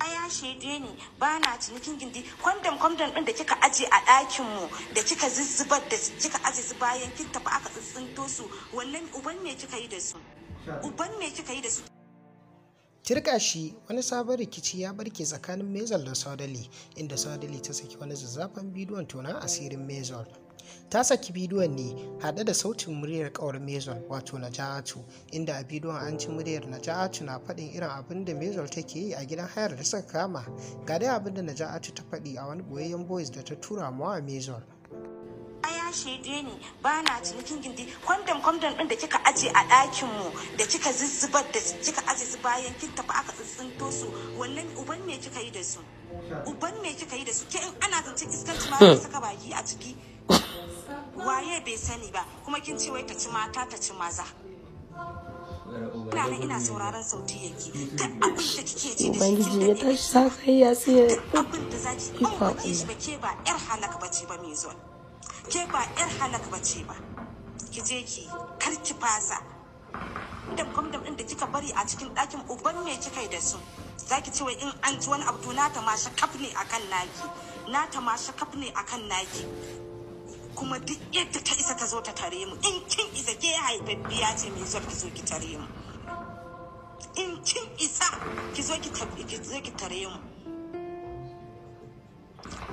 aya shaide ni ba na cinikin gindi kwandam kwandon din da kika aje a ɗakin mu da kika zuzzubar da kika aje su bayan kin tafi aka tsintsinto su wannan uban me kika yi da su uban me kika yi da su Tirka shi wani sabon rikici ya barke tsakanin Mezal da Saudali inda Saudali ta saki wani zazzafan bidiyon tona asirin Mezal ta saki bidiyon ne haɗe da sautin muryar kawar mezon wato naja'atu inda a bidiyon an ci muryar naja'atu na faɗin irin abin da mezon take yi a gidan hayar da suka kama ga dai abin da naja'atu ta faɗi a wani boyayyen boys da ta tura mawa mezon ya shaide ne ba na cinikin gindi kwandam kwandam din da kika aje a ɗakin mu da kika zuzzubar da kika aje su bayan kin tafi aka tsintsinto su wannan uban me kika yi da su uban me kika yi da su ke ana zance saka baki a ciki waye bai sani ba kuma kin ce wai ta ci mata ta ci maza Kana ina sauraron sauti yake duk abin da kike ji da shi ya tashi sa kai ya sai ya abin da za ki ba ki ba ke ba yar halak bace ba mai zuwa? ke ba yar halak bace ba ki je ki kar ki fasa dam kom dam inda kika bari a cikin ɗakin uban me kika yi da su zaki ce wai in an ji wani abu na ta ma shakaf ne akan naki na ta ma shakaf ne akan naki kuma duk yadda ta isa ta zo ta tare mu in kin isa ke haifaffiya ce mai zuwa ki zo ki tare mu in kin isa ki zo ki zo ki tare mu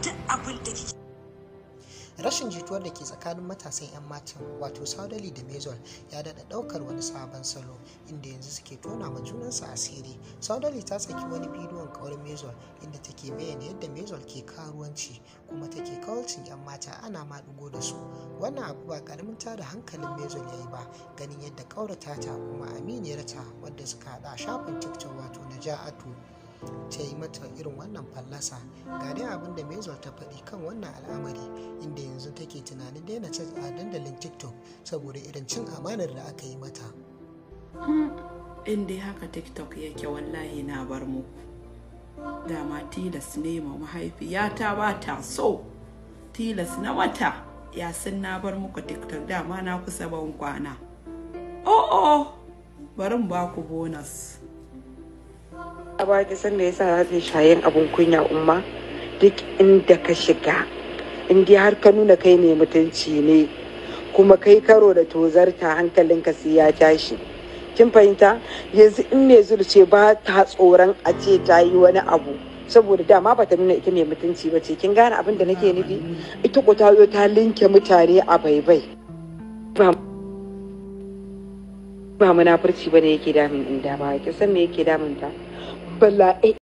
duk abin da kike rashin jituwar da ke tsakanin matasan 'yan matan wato saudali da mezon ya dada ɗaukar wani sabon salo inda yanzu suke tona ma junansa asiri saudali ta saki wani bidiyon kawar mezon inda take bayyana yadda mezon ke karuwanci kuma take talaucin 'yan mata ana maɗigo da su wannan abu ba karamin da hankalin mezon ya yi ba ganin yadda ƙaurata ta kuma aminiyarta wadda suka haɗa shafin tiktok wato na ja'atu ta yi mata irin wannan fallasa ga dai abin da mezon ta faɗi kan wannan al'amari inda yanzu take tunanin daina cin a dandalin tiktok saboda irin cin amanar da aka yi mata hmm, in dai haka tiktok yake wallahi na bar muku da tilas ne ma mahaifiyata ba ta so tilas na wata ya sun na bar muku tiktok dama na kusa ban kwana oh oh bari ba ku bonus a baki san da yasa zafin shayin abun kunya umma duk inda ka shiga in dai har ka nuna kai ne mutunci ne kuma kai karo da tozarta hankalinka sai ya tashi kin fahimta yanzu in ne zulce ba ta tsoron a ce ta yi wani abu saboda dama ba ta nuna ita mai mutunci ba ce kin gane abin da nake nufi ita ko ta zo ta linke mutane a baibai ba munafurci ba ne yake damun inda ba ki san me yake damun ta balla